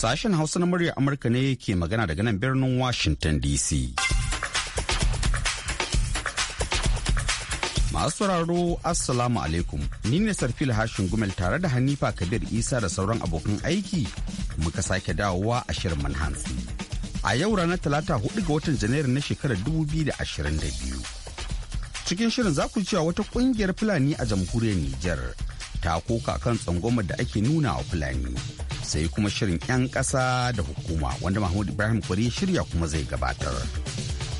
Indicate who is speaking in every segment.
Speaker 1: Sashen Hausa na murya Amurka ne ke magana daga nan birnin Washington DC. Masu sauraro Assalamu alaikum. Ni ne Sarfil Hashin Gumel tare da Hanifa Kabir Isa da sauran abokan aiki muka sake dawowa a shirin manhansi. A yau ranar Talata hudu ga watan Janairu na shekarar 2022. Cikin shirin za ku cewa wata kungiyar Fulani a jamhuriyar Nijar ta koka kan tsangwamar da ake nuna wa Fulani. sai kuma shirin 'yan ƙasa da hukuma wanda Mahmud Ibrahim Kwari shirya kuma zai gabatar.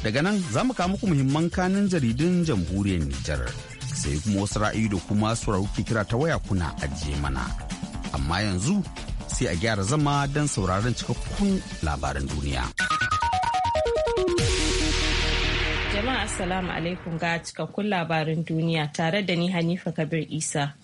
Speaker 1: Daga nan za mu kawo muku muhimman kanin jaridun jamhuriyar Nijar sai kuma wasu ra'ayi da kuma su kira ta waya kuna ajiye mana. Amma yanzu sai a gyara zama don sauraron cikakkun labaran duniya.
Speaker 2: Jama'a Assalamu alaikum ga cikakkun labarin duniya tare da ni Hanifa Kabir Isa.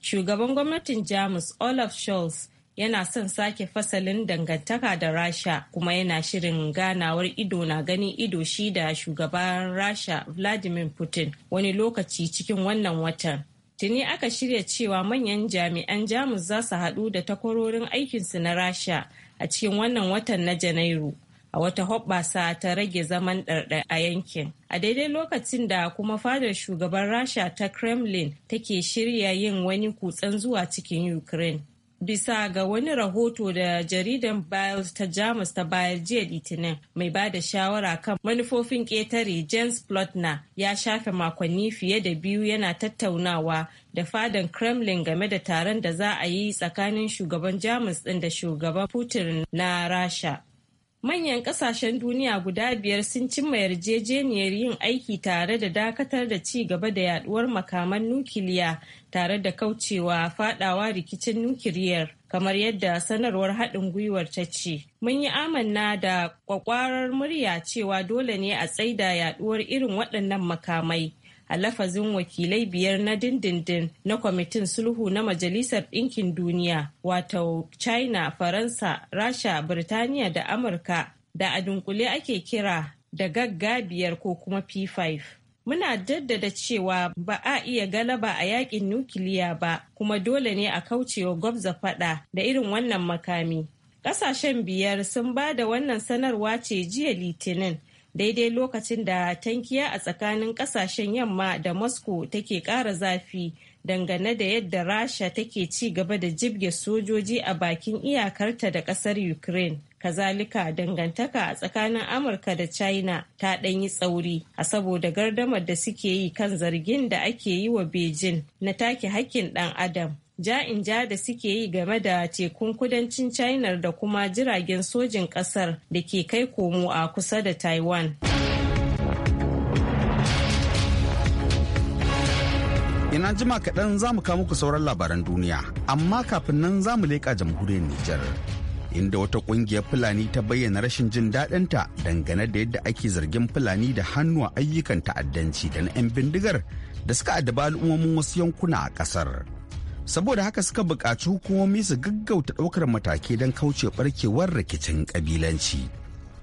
Speaker 2: Shugaban gwamnatin Jamus Olaf Scholz yana son sake fasalin dangantaka da rasha kuma yana shirin ganawar ido na ganin ido shi da shugaban rasha vladimir putin wani lokaci cikin wannan watan tuni aka shirya cewa manyan jami'an jamus za su haɗu da takwarorin aikinsu na rasha a cikin wannan watan na janairu a wata hoɓɓasa ta rage zaman ɗarɗa a yankin a daidai lokacin da kuma fadar shugaban rasha ta kremlin take shirya yin wani kutsen zuwa cikin ukraine bisa ga wani rahoto da jaridan Biles ta Jamus ta bayar jiya Litinin mai ba da shawara kan manufofin ƙetare James Plotner ya shafe makonni fiye da biyu yana tattaunawa da fadan Kremlin game da taron da za a yi tsakanin shugaban Jamus din da shugaban Putin na Rasha. manyan kasashen duniya guda biyar sun cimma yarjejeniyar yin aiki tare da dakatar da ci gaba da yaduwar makaman nukiliya tare da kaucewa fadawa rikicin nukiliyar kamar yadda sanarwar haɗin gwiwar ta ce mun yi amanna da kwakwarar murya cewa dole ne a tsaida yaduwar irin waɗannan makamai a lafazin wakilai biyar na dindindin na kwamitin sulhu na majalisar ɗinkin duniya wato china faransa rasha birtaniya da amurka da a dunkule ake kira da gaggabiyar ko kuma p5 muna jaddada cewa ba a iya galaba a yakin nukiliya ba kuma dole ne a kaucewa gwabza fada da irin wannan makami Ƙasashen biyar sun ba da wannan sanarwa ce jiya litinin daidai lokacin da tankiya a tsakanin kasashen yamma da moscow take ƙara zafi dangane da yadda rasha take ci gaba da jibge sojoji a bakin iyakarta da ƙasar ukraine kazalika dangantaka a tsakanin amurka da china ta ɗanyi tsauri a saboda gardamar da suke yi kan zargin da ake yi wa beijing na take hakkin ɗan adam ja in ja da suke yi game da tekun kudancin china da kuma jiragen sojin kasar da ke kai komo a kusa da taiwan
Speaker 1: ina jima kaɗan za mu kawo muku sauran labaran duniya amma kafin nan za mu leƙa jamhuriyar nijar inda wata ƙungiyar fulani ta bayyana rashin jin daɗinta dangane da yadda ake zargin fulani da hannu a ayyukan ta'addanci da na 'yan bindigar da suka addaba al'ummomin wasu yankuna a ƙasar. saboda haka suka buƙaci hukumomi su gaggauta ɗaukar matakai don kauce ɓarkewar rikicin ƙabilanci.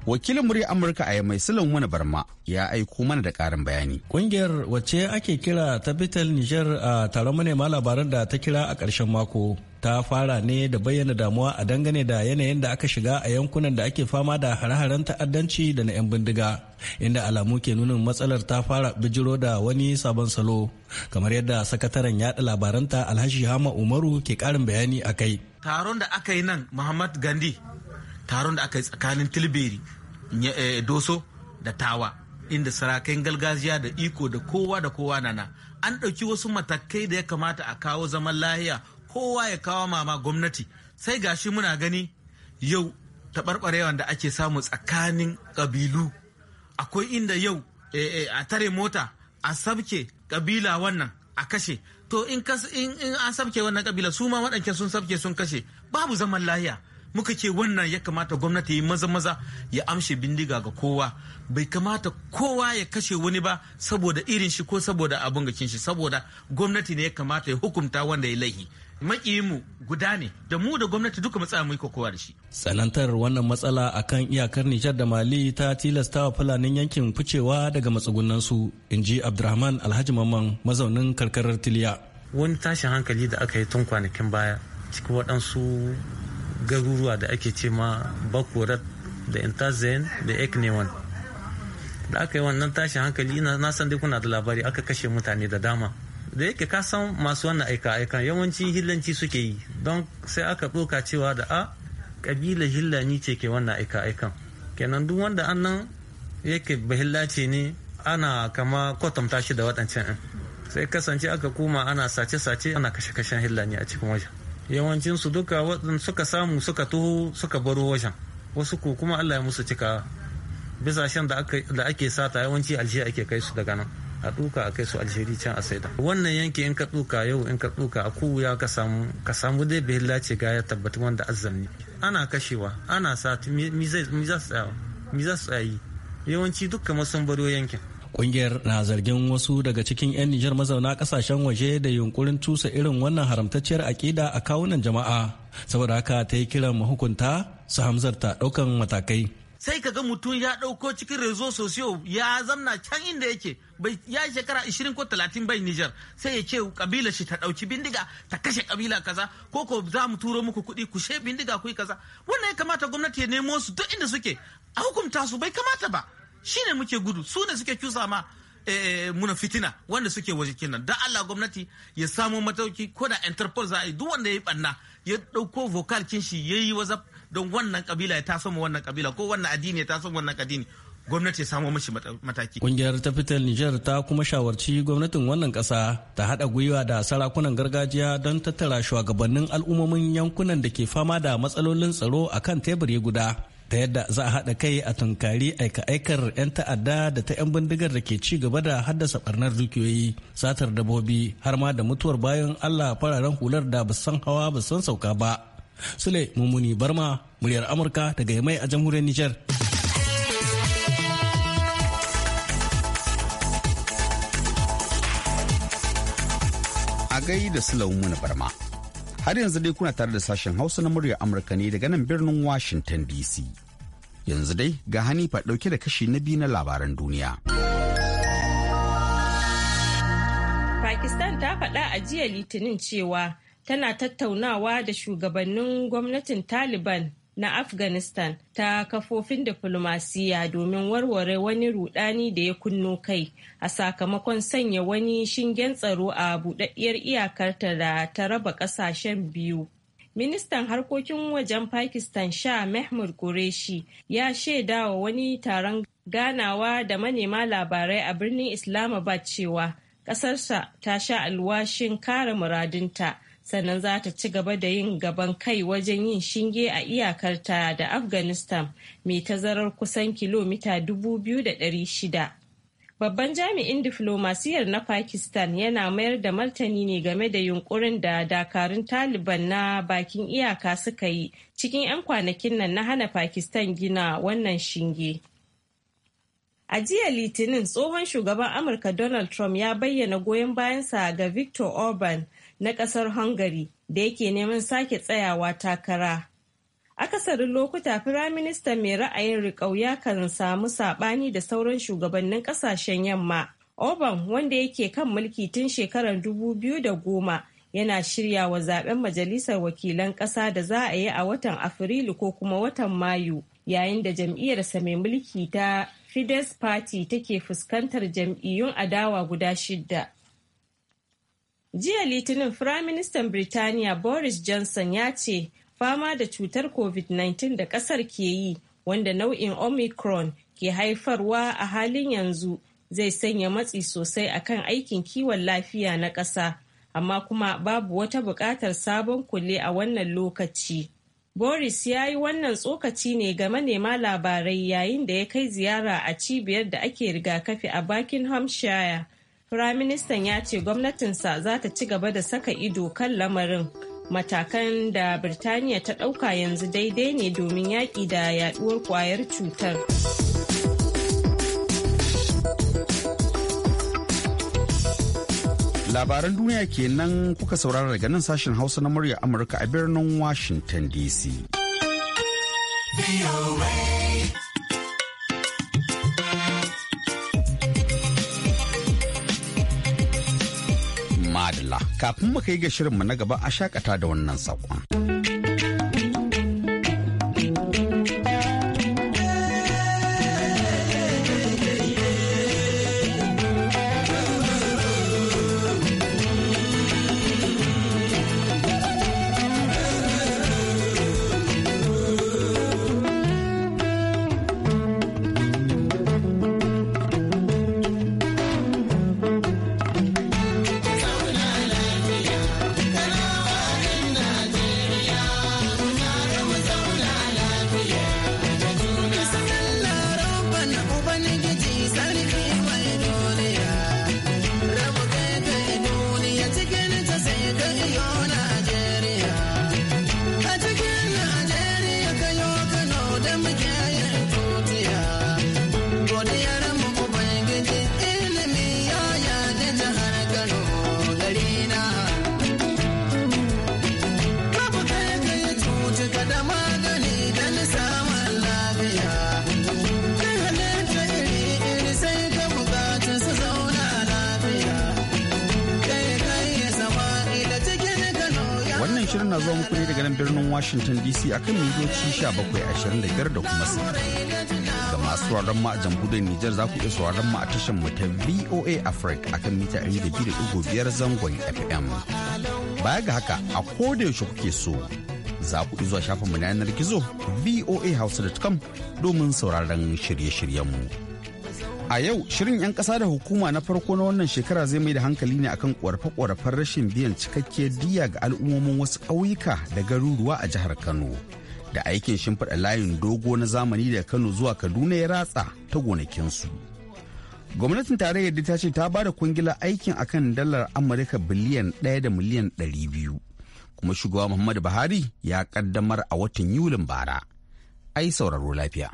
Speaker 1: wakilin murya amurka a mai silin wani barma ya aiko mana da ƙarin bayani
Speaker 3: ƙungiyar wacce ake kira ta bitel niger a taron manema labaran da ta kira a ƙarshen mako ta fara ne da bayyana damuwa a dangane da yanayin da aka shiga a yankunan da ake fama da hare-haren ta'addanci da na 'yan bindiga inda alamu ke nunin matsalar ta fara bijiro da wani sabon salo kamar yadda sakataren yada labaranta alhashi hama umaru ke karin bayani a kai
Speaker 4: taron da aka yi nan muhammad gandi taron da aka yi tsakanin tilberi eh, doso da tawa inda sarakan gargajiya da iko da kowa da kowa na an ɗauki wasu matakai da ya kamata a kawo zaman lahiya kowa ya kawo mama gwamnati sai gashi muna gani yau taɓarɓarewa da ake samu tsakanin ƙabilu akwai inda yau eh, eh, a tare mota a sabke ƙabila wannan a kashe to in an sabke wannan ƙabila su ma waɗancan sun sabke sun kashe babu zaman lahiya muka ce wannan ya kamata gwamnati yi maza maza ya amshe bindiga ga kowa bai kamata kowa ya kashe wani ba saboda irin shi ko saboda abin gakin shi saboda gwamnati ne ya kamata ya hukunta wanda ya laihi makiyinmu guda ne da mu da gwamnati duka matsaya mu yi kokowa da shi.
Speaker 3: Tsanantar wannan matsala a kan iyakar Nijar da Mali ta tilasta wa Fulanin yankin ficewa daga matsugunansu, in ji Abdurrahman Alhaji Mamman mazaunin
Speaker 5: karkarar Tiliya. Wani tashin hankali da aka yi tun kwanakin baya cikin waɗansu garuruwa da ake ce ma Bakorat da Intazen da Eknewan. Da aka yi wannan tashin hankali na san dai kuna da labari aka kashe mutane da dama. da yake ka san masu wannan aika aika yawanci hillanci suke yi don sai aka ɗoka cewa da a ah, ƙabila hillani ce ke wannan aika aikan kenan duk wanda annan yake bahilla ce ne ana kama kwatanta shi da waɗancan ɗin sai kasance aka koma ana sace-sace ana kashe-kashen hillani a cikin wajen yawancin su duka waɗanda suka samu suka taho suka baro wajen wasu ko kuma allah ya musu cika bisa shan da ake sata yawanci aljiya ake kai su daga nan a duka a kai su aljeri can a saida wannan yanki in ka duka yau in ka duka a kuya ka samu ka samu dai bihilla ce ga ya tabbata wanda azzamni ana kashewa ana sati mi za su tsaya mi za su tsayi yawanci dukkan masun baro yankin
Speaker 3: Kungiyar na zargin wasu daga cikin 'yan Nijar mazauna kasashen waje da yunkurin tusa irin wannan haramtacciyar aƙida a kawunan jama'a. Saboda haka ta yi kiran mahukunta su hamzarta ɗaukan matakai.
Speaker 4: sai ka ga mutum ya ɗauko cikin rezo sosiyo ya zamna can inda yake bai ya shekara 20 ko 30 bai Nijar sai ya ce kabila shi ta ɗauki bindiga ta kashe kabila kaza ko ko za mu turo muku kuɗi ku she bindiga ku yi kaza wannan ya kamata gwamnati ya nemo su duk inda suke a hukunta su bai kamata ba shine muke gudu su ne suke cusa ma eh, eh, muna fitina wanda suke waje kenan da Allah gwamnati ya samo matauki ko da Interpol za a yi duk wanda ya yi banna ya ɗauko vocal kin shi ya yi wazaf don wannan kabila ya taso ma wannan kabila ko wannan addini ya taso ma wannan addini gwamnati ya samo mashi mataki.
Speaker 3: Kungiyar ta fitar Nijar ta kuma shawarci gwamnatin wannan kasa ta haɗa gwiwa da sarakunan gargajiya don tattara shugabannin al'ummomin yankunan da ke fama da matsalolin tsaro a kan tebur ya guda. Ta yadda za a haɗa kai a tunkari aika-aikar 'yan ta'adda da ta 'yan bindigar da ke ci gaba da haddasa barnar dukiyoyi, satar dabobi, har ma da mutuwar bayan Allah fararen hular da san hawa basan sauka ba. Sule mumuni Barma, muryar Amurka daga mai a jamhuriyar Nijar.
Speaker 1: A gai da Sule Mumuni Barma. Har yanzu dai kuna tare da sashen Hausa na muryar Amurka ne daga nan birnin Washington DC. Yanzu dai ga Hanifa ɗauke da kashi na biyu na labaran duniya.
Speaker 2: Pakistan ta faɗa a jiya Litinin cewa tana tattaunawa da shugabannin gwamnatin Taliban na Afghanistan ta kafofin diflomasiyya domin warware wani rudani da ya kunno kai a sakamakon sanya wani shingen tsaro a budaddiyar iyakarta da ta raba kasashen biyu. Ministan harkokin wajen Pakistan Shah Mahmud Qureshi ya shaidawa wani taron ganawa da manema labarai a birnin Islamabad cewa ƙasarsa ta sha alwashin kare muradinta. sannan za ta ci gaba da yin gaban kai wajen yin shinge a iyakarta da afghanistan mai tazarar kusan kilomita 2,600 babban jami'in diflomasiyar na pakistan yana mayar da martani ne game da yunkurin da dakarun taliban na bakin iyaka suka yi cikin 'yan kwanakin nan na hana pakistan gina wannan shinge A jiya Litinin tsohon shugaban Amurka Donald Trump ya bayyana goyon bayansa ga Victor Orban na kasar Hungary da yake neman sake tsayawa takara. Akasarin lokuta firaministan mai ra'ayin riƙau ya kan samu saɓani da sauran shugabannin ƙasashen yamma. Oban wanda yake kan mulki tun shekarar 2010 yana shirya wa zaben majalisar wakilan ƙasa da za a yi a watan Afrilu ko kuma watan Mayu yayin da jam'iyyarsa mai mulki ta Fidesz Party take fuskantar jam'iyyun adawa guda shidda. Jiya Litinin Firaministan Birtaniya Boris Johnson ya ce fama da cutar COVID-19 da ƙasar ke yi wanda nau'in Omicron ke haifarwa a halin yanzu zai sanya matsi sosai akan aikin kiwon lafiya na ƙasa, amma kuma babu wata buƙatar sabon kulle a wannan lokaci. Boris ya yi wannan tsokaci ne ga manema labarai yayin da ya kai ziyara a cibiyar da ake rigakafi a Buckinghamshire Firaministan ya ce gwamnatinsa za ta ci gaba da saka ido kan lamarin. Matakan da Birtaniya ta ɗauka yanzu daidai ne domin yaƙi da yaɗuwar ƙwayar cutar.
Speaker 6: Labaran
Speaker 1: duniya kenan kuka saurara daga nan sashen Hausa na murya Amurka a birnin Washington DC. Allah kafin mu kai ga shirinmu na gaba a shakata da wannan saƙon. shirin na zuwa muku ne daga nan birnin Washington DC akan mitoci 1725 da kuma sa. Ga masu sauraron mu a jamhuriyar Nijar za ku iya sauraron mu a tashar mu ta VOA Africa akan mita 200.5 zangon FM. Baya ga haka a koda yaushe kuke so za ku zuwa mu na yanar gizo voa voahausa.com domin sauraron shirye shiryen mu. A yau shirin 'yan ƙasa da hukuma na farko na wannan shekara zai mai da hankali ne akan ƙorafe-ƙorafen rashin biyan cikakke diya ga al'ummomin wasu ƙauyuka da garuruwa a jihar Kano. Da aikin shimfiɗa layin dogo na zamani da Kano zuwa Kaduna ya ratsa ta gonakinsu. Gwamnatin tarayyar ta ce ta ba da kwangilar aikin akan dalar Amurka biliyan ɗaya da miliyan ɗari biyu. Kuma shugaba Muhammadu Buhari ya ƙaddamar a watan Yulin bara. Ai sauraro lafiya.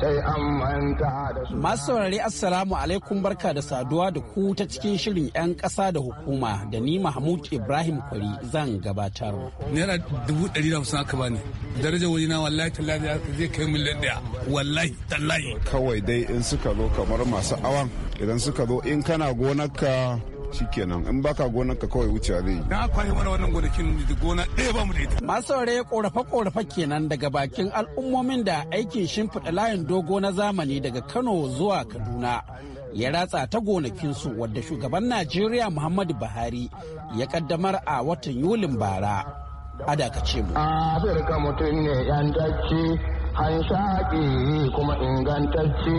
Speaker 7: sai an manta da su. Masu saurari Assalamu
Speaker 8: alaikum barka da saduwa da ku ta cikin shirin 'yan ƙasa da hukuma da ni Mahmud Ibrahim
Speaker 6: Kwari zan gabatar.
Speaker 9: Naira dubu ɗari da hamsin aka bani. Daraja wani na wallahi tallahi zai kai miliyan ɗaya. Wallahi tallahi.
Speaker 6: Kawai dai in suka zo kamar masu awan idan suka zo in kana gonar ka. shikenan in baka gonan ka kawai wuce zai yi na
Speaker 9: kwaye mana wannan gonakin gona ɗaya ba mu da ita
Speaker 6: masu saurare korafe korafe kenan daga bakin
Speaker 8: al'ummomin da aikin shimfiɗa layin dogo na zamani daga Kano zuwa Kaduna ya ratsa ta gonakinsu wadda shugaban Najeriya Muhammadu Buhari ya kaddamar a watan Yulin bara. A ce mu.
Speaker 7: rika mutum ne 'yan an shaƙi kuma ingantacce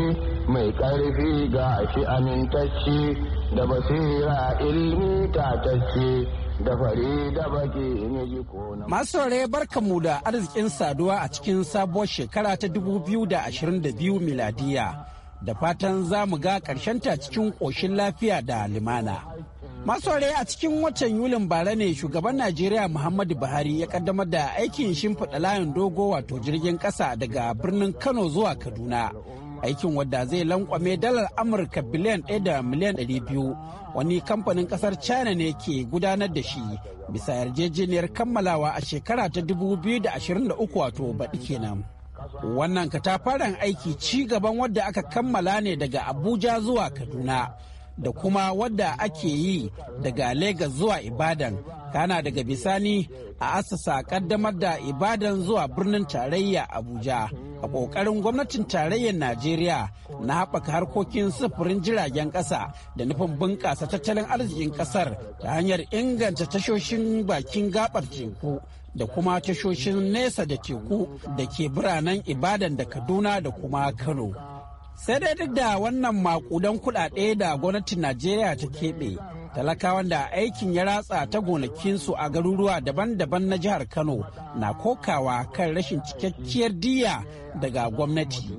Speaker 7: mai ƙarfi ga shi amintacce da basira ilmi tatacce da fari da baki in yi kona. Masu saurare barkamu da arzikin saduwa a cikin sabuwar
Speaker 8: shekara ta 2022 miladiya. Da fatan za mu ga ta cikin ƙoshin lafiya da limana. Masore a cikin watan Yulin bara ne shugaban Najeriya Muhammadu Buhari ya kaddamar da aikin shimfiɗa layin dogo wato jirgin ƙasa daga birnin Kano zuwa Kaduna. Aikin wadda zai lankwame dalar Amurka biliyan ɗaya da miliyan ɗari wani kamfanin ƙasar China ne ke gudanar da shi bisa yarjejeniyar kammalawa a shekara ta 2023 wato baɗi kenan. Wannan katafaren aiki ci gaban wadda aka kammala ne daga Abuja zuwa Kaduna. da kuma wadda ake yi daga Legas zuwa Ibadan, kana daga bisani a asasa kaddamar da Ibadan zuwa birnin tarayya Abuja. A ƙoƙarin gwamnatin tarayyar Najeriya na haɓaka harkokin sufurin jiragen ƙasa da nufin bunƙasa tattalin arzikin ƙasar ta hanyar inganta tashoshin bakin gaɓar teku da kuma tashoshin nesa da teku da ke biranen Ibadan da Kaduna da kuma Kano. sai dai duk da wannan makudan kuɗaɗe da gwamnatin najeriya ta keɓe talakawan da aikin ya ratsa ta gonakinsu a garuruwa daban-daban na jihar kano na kokawa kan rashin cikakkiyar diya daga gwamnati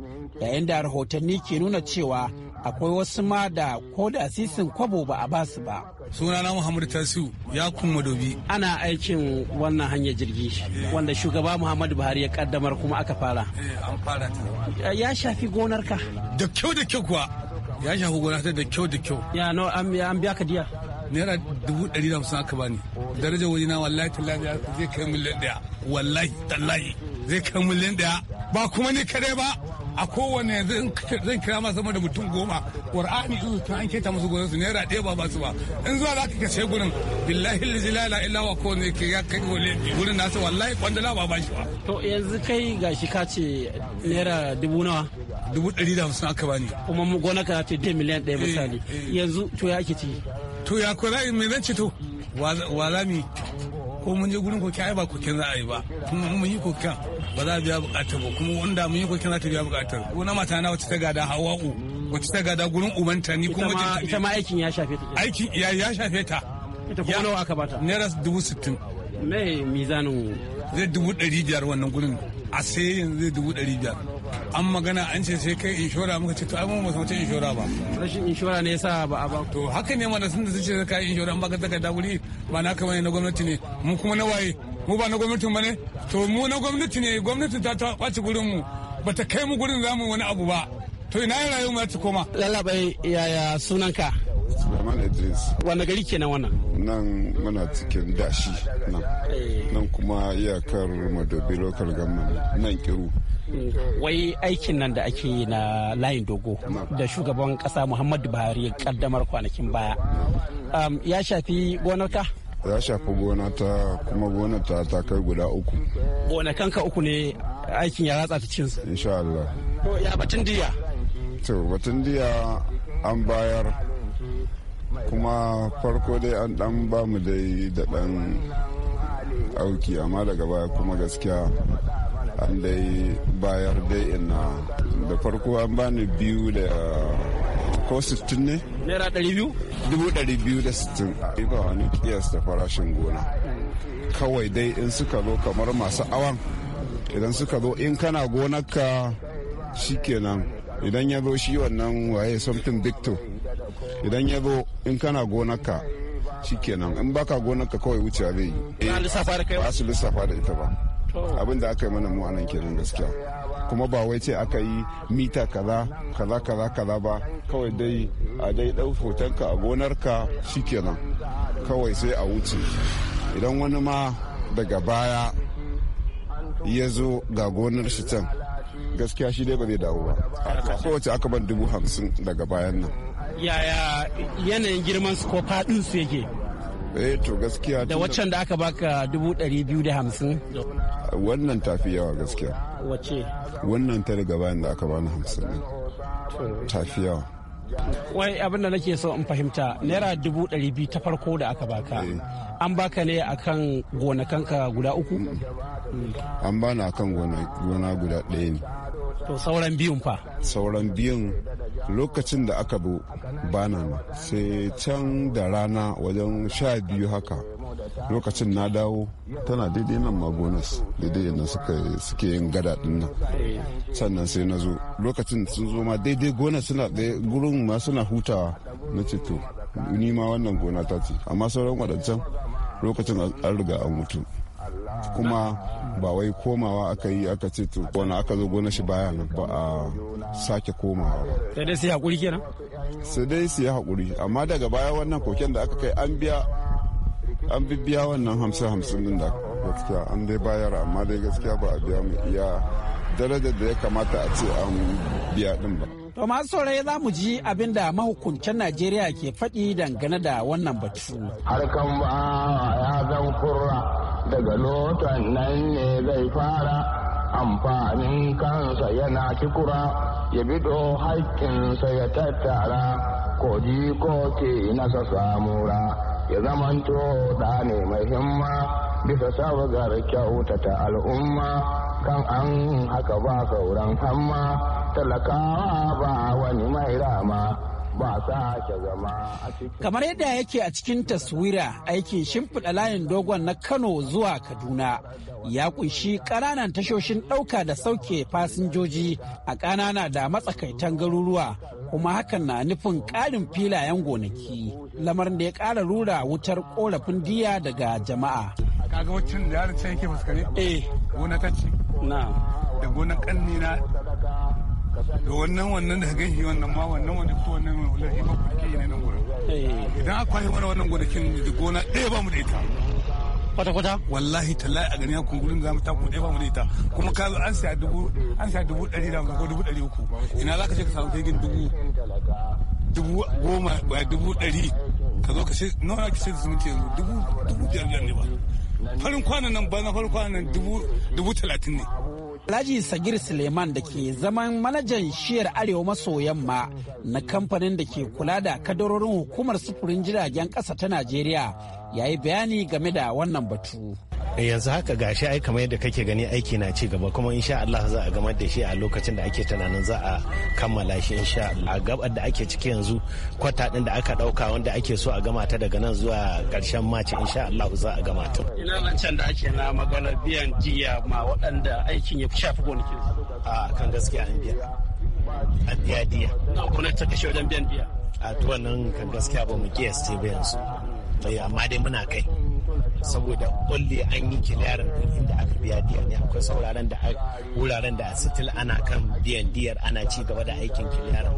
Speaker 8: yayin da rahotanni ke nuna cewa akwai wasu ma da ko da sisin kwabo ba a basu ba
Speaker 9: sunana muhammadu Tasu ya kuma madobi.
Speaker 8: ana aikin wannan hanyar jirgi wanda shugaba muhammadu buhari ya kaddamar kuma aka fara
Speaker 9: eh, an fara ya shafi gonarka da kyau da kyau kuwa ya shafi gonarka da kyau da kyau ya no an biya ka diya naira dubu ɗari da hamsin aka bani darajar waje na wallahi tallahi zai kai miliyan ɗaya wallahi tallahi zai kai miliyan ɗaya ba kuma ne kadai ba a kowane zan kira ma sama da mutum goma qur'ani in ta an keta musu gurin su naira ɗaya ba basu ba in zuwa za ka kashe gurin billahi la illa wa ko ne ke ya kai gole gurin nasu wallahi kwandala ba ba shi ba
Speaker 8: to yanzu kai gashi ka
Speaker 9: ce naira dubu nawa dubu ɗari da hamsin aka bani kuma gona ka ce dai miliyan ɗaya eh, misali eh. yanzu to ya ake ci to ya ko za me zan ci to wa za mi ko mun je gurin kokin ai ba kokin za a yi ba kuma mun yi kokin ba za a biya bukatar ba kuma wanda mun yi kokin za ta biya bukatar wani mata na wacce ta gada hawa'u wacce ta gada gurin ubanta ni kuma ita ma aikin ya shafe ta aikin ya shafe ta ita kuma nawa aka bata naira dubu sittin me mizanin zai dubu ɗari biyar wannan gurin a sai yanzu zai dubu ɗari biyar an magana an ce sai kai inshora muka ce to ai mu ba samu inshora ba rashin inshora ne yasa ba a ba to haka ne mana sun da su ce kai inshora ba ka da wuri ba na kamar na gwamnati ne mu kuma na waye mu ba na gwamnati ba ne to mu na gwamnati ne gwamnati ta ta kwaci gurin mu bata kai mu gurin zamu wani abu ba to ina rayuwa ta koma lalabai yaya sunanka
Speaker 6: Suleiman Idris.
Speaker 9: Wanda gari kenan wannan?
Speaker 6: Nan muna cikin dashi nan. Eh. Nan kuma iyakar Madobi local government nan kiru.
Speaker 8: wai aikin nan da ake yi na layin dogo da shugaban kasa muhammadu buhari kaddamar kwanakin baya um, ya shafi gonarka
Speaker 6: ya shafi gona ta kuma gona ta ta kai guda uku gonakanka uku ne aikin ya ratsa ta cin su insha Allah to ya batun diya to batun diya an bayar kuma farko dai an dan ba mu dai da dan auki amma daga baya kuma gaskiya an dai bayar dai ina da farko an bani biyu da ko 60 ne?
Speaker 1: Naira 200?
Speaker 6: 260. Ba wani kiyas da farashin gona. Kawai dai in suka zo kamar masu awan idan suka zo in kana gonarka shikenan idan ya zo shi wannan waye something victor idan ya zo in kana gonarka shikenan in baka gonarka kawai wuce zai yi. Ba su lissafa da ita ba. Oh. abin da aka yi mana mu anan kenan gaskiya kuma ba wai ce aka yi mita kaza kaza kaza kaza ba kawai dai a dai ɗau hotonka a gonarka shikenan kawai sai a wuce idan wani ma daga baya ya zo ga gonar shi can gaskiya shi dai ba zai dawo ba kowace aka ban dubu hamsin daga bayan nan
Speaker 8: yaya yanayin girman su ko faɗin su yake
Speaker 6: eh to gaskiya da waccan da
Speaker 8: aka baka dubu ɗari biyu da hamsin
Speaker 6: wannan tafi yawa gaskiya wace wannan ta daga bayan da aka bani hamsin ne tafi yawa
Speaker 5: wai
Speaker 8: abin da nake so in fahimta naira dubu ɗari biyu ta farko da aka baka eh. an baka ne akan gonakanka guda uku mm.
Speaker 6: an bani akan gona guda ɗaya ne to sauran biyun fa sauran biyun lokacin da aka bu bana sai can da rana wajen sha biyu haka lokacin na dawo tana daidai nan magonas daidai yadda suke yin gada din sannan sai na zo lokacin sun zo ma daidai gona suna gurin ma suna hutawa na ce to ma wannan gona ta ce amma sauran wadancan lokacin an riga an mutu kuma ba wai komawa aka yi aka ce to wani aka zo gona shi baya nan ba a sake komawa ba sai dai su yi haƙuri kenan sai dai su yi haƙuri amma daga baya wannan koken da aka kai an biya an bibiya wannan hamsin hamsin din da gaskiya an dai bayar amma dai gaskiya ba a biya mu iya darajar da ya kamata a ce an biya din ba
Speaker 8: To masu saurayi za mu ji abin da mahukuncin Najeriya ke faɗi dangane da wannan batu.
Speaker 7: Harkan ba ya zan kurra daga lotan nan ne zai fara amfanin kansa yana cikura ya bido haƙƙinsa ya tattara ji ko ke nasa samura ya zamanto da ne mai himma bisa sabgar kyautata al'umma kan an haka ba sauran hamma talakawa ba wani mai rama Kamar
Speaker 8: yadda yake a cikin taswira aikin shimfiɗa layin dogon na Kano zuwa Kaduna ya kunshi ƙananan tashoshin ɗauka da sauke fasinjoji a ƙanana da matsakaitan garuruwa kuma hakan na nufin ƙarin filayen gonaki lamarin da ya ƙara rura wutar ƙorafin diya daga jama'a.
Speaker 9: Kaga wacin da ya yake fuskare? Eh. Gona Na. Da gonan ƙannina da wannan wannan da gan shi wannan ma wannan wani ko wannan wallahi ba ku ke ne nan gurin eh. idan aka yi wani wannan gonakin gona ɗaya ba mu da ita kwata kwata wallahi tallahi a ganin kun gurin zamu ta ku ɗaya ba mu da ita kuma ka zo an siya dubu
Speaker 7: an siya dubu ɗari da ko dubu ɗari
Speaker 9: uku ina za ka je ka samu kai dubu dubu goma ba dubu ɗari ka zo ka ce nawa ka ce da zumunci yanzu dubu dubu biyar biyar ne ba farin kwanan nan ba na farin kwanan nan dubu talatin ne
Speaker 8: Alhaji Sagir Suleiman da ke zaman manajan shiyar Arewa maso yamma na kamfanin da ke kula da kadarorin hukumar sufurin jiragen ƙasa ta Najeriya ya yi bayani game da wannan batu.
Speaker 10: Eh, yanzu haka gashi ai kamar yadda kake gani aiki na ci gaba kuma insha Allah za a gamar da shi a lokacin da ake tunanin za a kammala shi insha Allah A gabar da ake ciki yanzu kwata din da aka dauka wanda ake so a gama ta daga nan zuwa karshen maci insha Allah za a gama ta
Speaker 8: ina nan can da ake na magana biyan jiya ma waɗanda aikin ya shafi gonakin
Speaker 10: a kan gaskiya an biya a biya diya kuma ta kashe wajen biyan diya a to nan kan gaskiya ba mu kiyasta ba yanzu eh, amma dai muna kai saboda kulle an yi kiliyarin din inda aka biya diyar ne akwai sauraren da wuraren da sitil ana kan biyan diyar ana ci gaba da aikin kiliyarin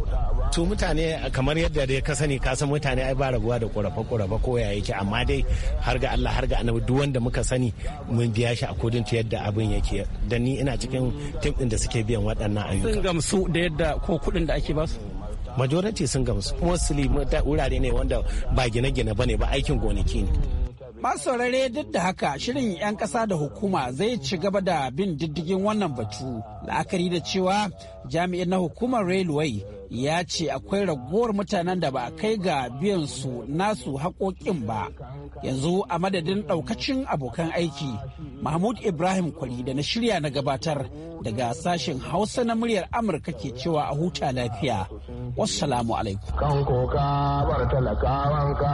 Speaker 10: to mutane kamar yadda dai ka sani ka mutane ai ba rabuwa da korafa korafa ko ya yake amma dai har ga Allah har ga annabi duk wanda muka sani mun biya shi a kodin yadda abin yake da ni ina cikin tim din da suke biyan waɗannan ayyuka sun gamsu da yadda ko kuɗin da ake ba su majority sun gamsu mostly wurare ne wanda ba gine-gine ba ne ba aikin gonaki ne masaurare duk da
Speaker 8: haka shirin 'yan ƙasa da hukuma zai ci gaba da bin diddigin wannan batu la'akari da cewa jami'in na hukumar railway ya ce akwai ragowar mutanen da ba a kai ga biyan su nasu haƙoƙin ba yanzu a madadin ɗaukacin abokan aiki mahmud ibrahim kwari da na shirya na gabatar daga sashen hausa na muryar amurka ke cewa a huta lafiya wassalamu alaikum
Speaker 7: kan koka bar talakawanka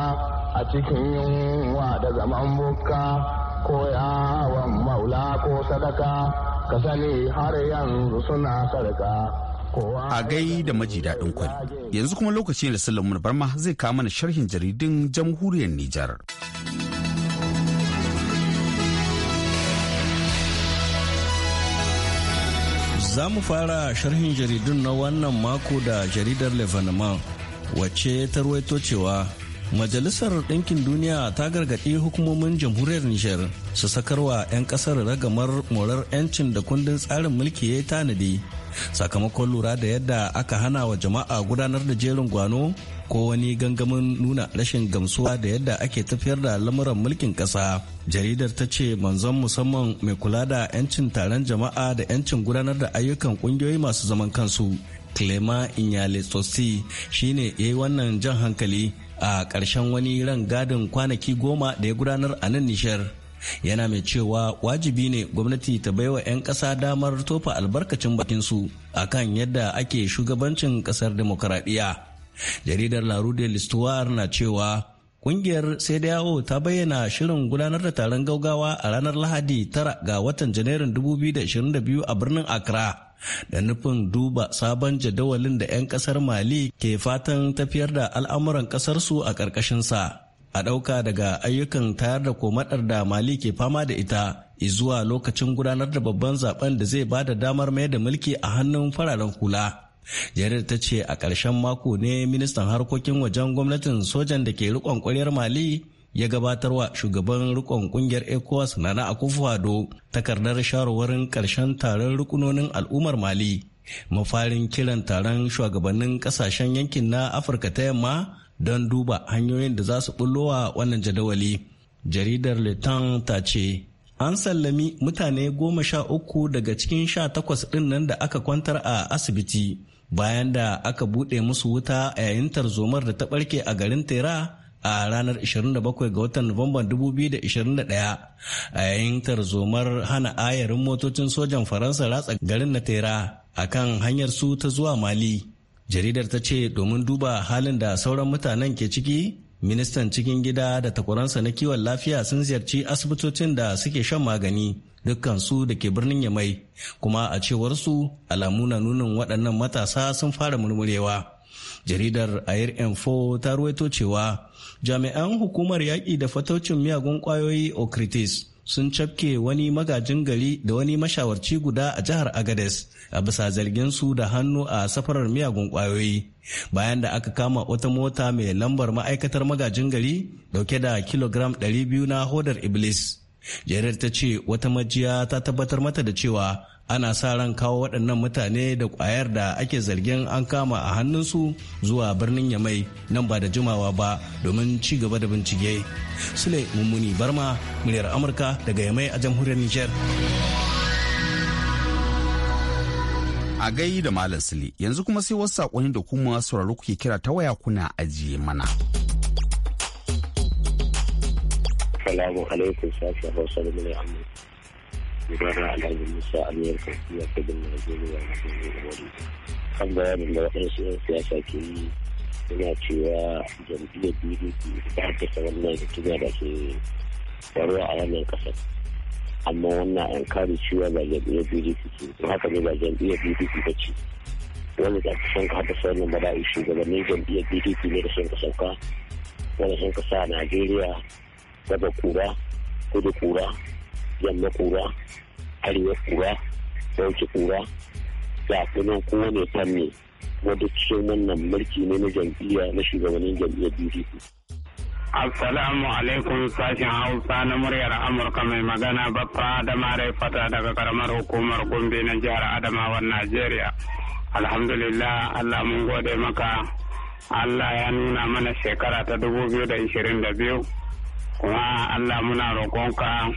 Speaker 7: a cikin yunwa da zaman bukka ko yawon maula ko sadaka ka sani har yanzu suna sarka a
Speaker 1: gai da maji daɗin kwari yanzu kuma lokacin da sallamun barma zai kawo mana sharhin jaridun jamhuriyar nijar
Speaker 3: za mu fara sharhin jaridun na wannan mako da jaridar lebanon wacce ta ruwaito cewa majalisar ɗinkin duniya ta gargaɗi hukumomin jamhuriyar nijar su sakarwa 'yan ƙasar ragamar morar 'yancin da kundin tsarin mulki ya tanadi sakamakon lura da yadda aka hana wa jama'a gudanar da jerin gwano ko wani gangamin nuna rashin gamsuwa da yadda ake tafiyar da lamuran mulkin ƙasa jaridar ta ce manzon musamman mai kula da 'yancin taron jama'a da 'yancin gudanar da ayyukan ƙungiyoyi masu zaman kansu clema inyale tsotsi shine ya yi wannan jan hankali a ƙarshen wani ran gadin kwanaki goma da ya gudanar a nan nishar yana mai cewa wajibi ne gwamnati ta baiwa 'yan ƙasa damar tofa albarkacin bakinsu a kan yadda ake shugabancin ƙasar demokuraɗiyya jaridar larude listuwar na cewa Kungiyar sai yawo ta bayyana shirin gudanar da taron gaugawa a ranar Lahadi tara ga watan Janairun 2022 a birnin Accra da nufin duba sabon jadawalin da 'yan ƙasar Mali ke fatan tafiyar da al'amuran ƙasarsu a ƙarƙashinsa. a ɗauka daga ayyukan tayar da komadar da mali ke fama da ita zuwa lokacin gudanar da babban zaben da zai bada damar mayar da mulki a hannun fararen hula jaridar ta ce a ƙarshen mako ne ministan harkokin wajen gwamnatin sojan da ke rikon kwaryar mali ya gabatar wa shugaban rikon ƙungiyar ecowas na akufo-addo takardar shawarwarin ƙarshen taron rukunonin al'ummar mali mafarin kiran taron shugabannin ƙasashen yankin na afirka ta yamma don duba hanyoyin da za su bullowa wannan jadawali jaridar letan ta ce an sallami mutane goma sha uku daga cikin sha takwas ɗin nan da aka kwantar a asibiti bayan da aka buɗe musu wuta a yayin tarzomar da ta ɓarke a garin tera a ranar 27 ga watan Nuwamban 2021 a yayin tarzomar hana ayarin motocin sojan Faransa ratsa garin na tera a kan hanyar su ta zuwa Mali. jaridar ta ce domin duba halin da sauran mutanen ke ciki ministan cikin gida da takwaransa na kiwon lafiya sun ziyarci asibitocin da suke shan magani dukkansu da ke birnin yamai kuma a cewarsu alamu na nunin waɗannan matasa sun fara murmurewa jaridar air info ta ruwaito cewa jami'an hukumar yaƙi da fataucin miyagun ƙwayoyi ocritis sun cafke wani magajin gari da wani mashawarci guda a jihar agades a bisa zargin su da hannu a safarar miyagun kwayoyi bayan da aka kama wata mota mai lambar ma'aikatar magajin gari dauke da kilogram 200 na hodar iblis jerar ta ce wata majiya ta tabbatar mata da cewa ana sa ran kawo waɗannan mutane da ƙwayar da ake zargin an kama a hannunsu zuwa birnin yamai nan ba da jimawa ba domin ci gaba da bincike sule mummuni barma muryar amurka daga yamai a jamhuriyar niger
Speaker 1: a gai da malam sule yanzu kuma sai wasu saƙoni da kuma sauraro kuke kira ta waya kuna ajiye
Speaker 10: mana Salamu alaikum sashi Hausa da Mulai Amurka. sunana alhaji musa aliyar kafiya kudin najeriya na kudin umaru kan bayanin da waɗansu 'yan siyasa ke yi suna cewa jam'iyyar pdp ta haddasa wannan rigima da ke faruwa a wannan ƙasar amma wannan an kare cewa ba jam'iyyar pdp ce to haka ne ba jam'iyyar pdp ba ce wanda ta kusan ka haddasa wannan bala'i shugabannin jam'iyyar pdp ne da sun ka sauka wanda sun ka sa najeriya gaba kura kudu kura yamma kura arewa kura bauchi kura ga kuma kowane fanni wadda cikin wannan mulki ne na jam'iyya na shugabannin jam'iyyar bdp
Speaker 7: Assalamu alaikum sashen Hausa na muryar Amurka mai magana Baffa da Rai Fata daga karamar hukumar Gombe na jihar Adamawa Najeriya. Alhamdulillah Allah mun gode maka Allah ya nuna mana shekara ta 2022 kuma Allah muna roƙonka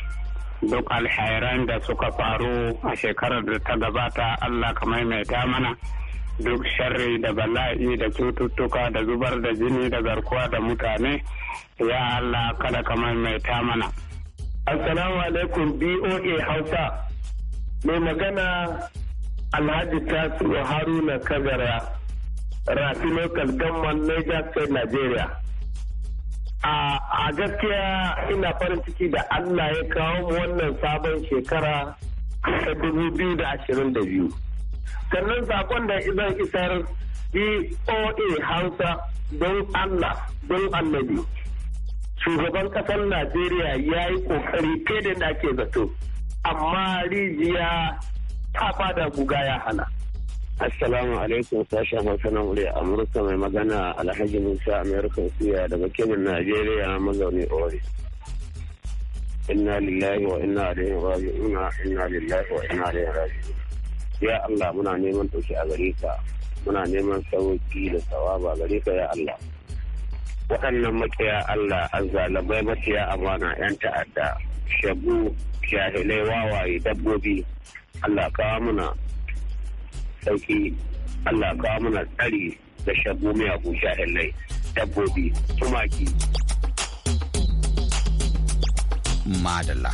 Speaker 7: duk alhairan da suka faru a shekarar da ta gabata Allah ka maimaita mana duk sharri da bala'i da cututtuka da zubar da jini da garkuwa da mutane ya Allah kada ka maimaita mana. Assalamu alaikum BOA Hausa mai magana Alhaji Tasiru Haruna Kagara Rafi Local Gamman Niger State Nigeria. a gaskiya ina farin ciki da allah ya kawo mu wannan sabon shekara ta dubu biyu da ashirin da biyu sannan sakon da zan isar boa hausa don allah don annabi shugaban kasar najeriya ya yi kokari kai da ake zato amma rijiya ta fada guga ya hana Assalamu alaikum sashen Hausa na Murya Amurka mai magana Alhaji Musa American Suya daga Kebin Najeriya mazauni Ori. Inna lillahi wa inna raji Ina inna lillahi wa inna ilaihi raji Ya Allah muna neman dauki a gare ka. Muna neman sauki da sawaba gare ka ya Allah. Waɗannan makiya Allah azzalabai maciya amana 'yan ta'adda shagu jahilai wawaye dabbobi Allah kawo muna sauki Allah ka muna tsari da shabu mai abu lai dabbobi tumaki.
Speaker 1: Madalla.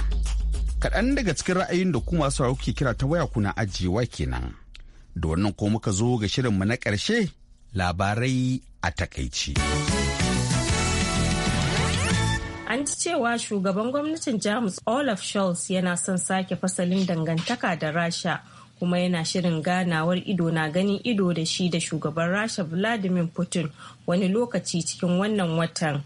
Speaker 1: Kaɗan daga cikin ra'ayin da kuma sauraro ke kira ta waya kuna ajiyewa kenan. Da wannan ko muka zo ga shirinmu na ƙarshe labarai a takaici.
Speaker 2: an ci cewa shugaban gwamnatin jamus olaf scholz yana son sake fasalin dangantaka da rasha kuma yana shirin ganawar ido na ganin ido da shi da shugaban rasha vladimir putin wani lokaci cikin wannan watan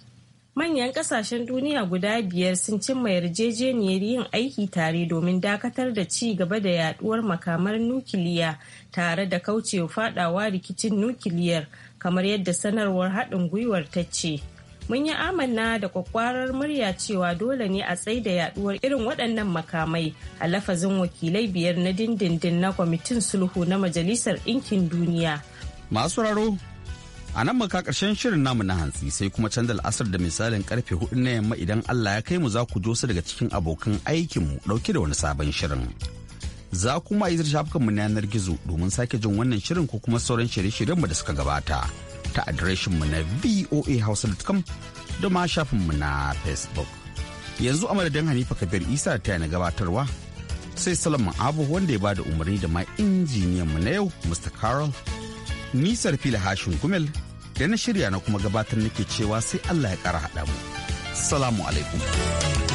Speaker 2: manyan kasashen duniya guda biyar sun cimma yarjejeniyar yin aiki tare domin dakatar da ci gaba da yaduwar makamar nukiliya tare da kaucewa fadawa rikicin nukiliyar kamar yadda sanarwar haɗin gwiwar ta ce mun yi amanna da kwakwarar murya cewa dole ne a tsaida yaduwar irin waɗannan makamai a lafazin wakilai biyar na dindindin na kwamitin sulhu na majalisar ɗinkin duniya.
Speaker 1: Masu raro, a nan maka ƙarshen shirin namu na hantsi sai kuma canza la'asar da misalin karfe hudu na yamma idan Allah ya kai mu za ku jo su daga cikin abokan aikin mu ɗauke da wani sabon shirin. Za kuma yi shafukanmu na yanar gizo domin sake jin wannan shirin ko kuma sauran shirye-shiryenmu shiryen da suka gabata. ta adireshinmu na voahausa.com da ma shafinmu na facebook yanzu a madadin hanifa kabir isa ta na gabatarwa sai salamun abu wanda ya ba da umarni da ma injiniyanmu na yau mr carol nisar fila hashin gumel da na shirya na kuma gabatar nake cewa sai allah ya kara haɗa mu salamu alaikum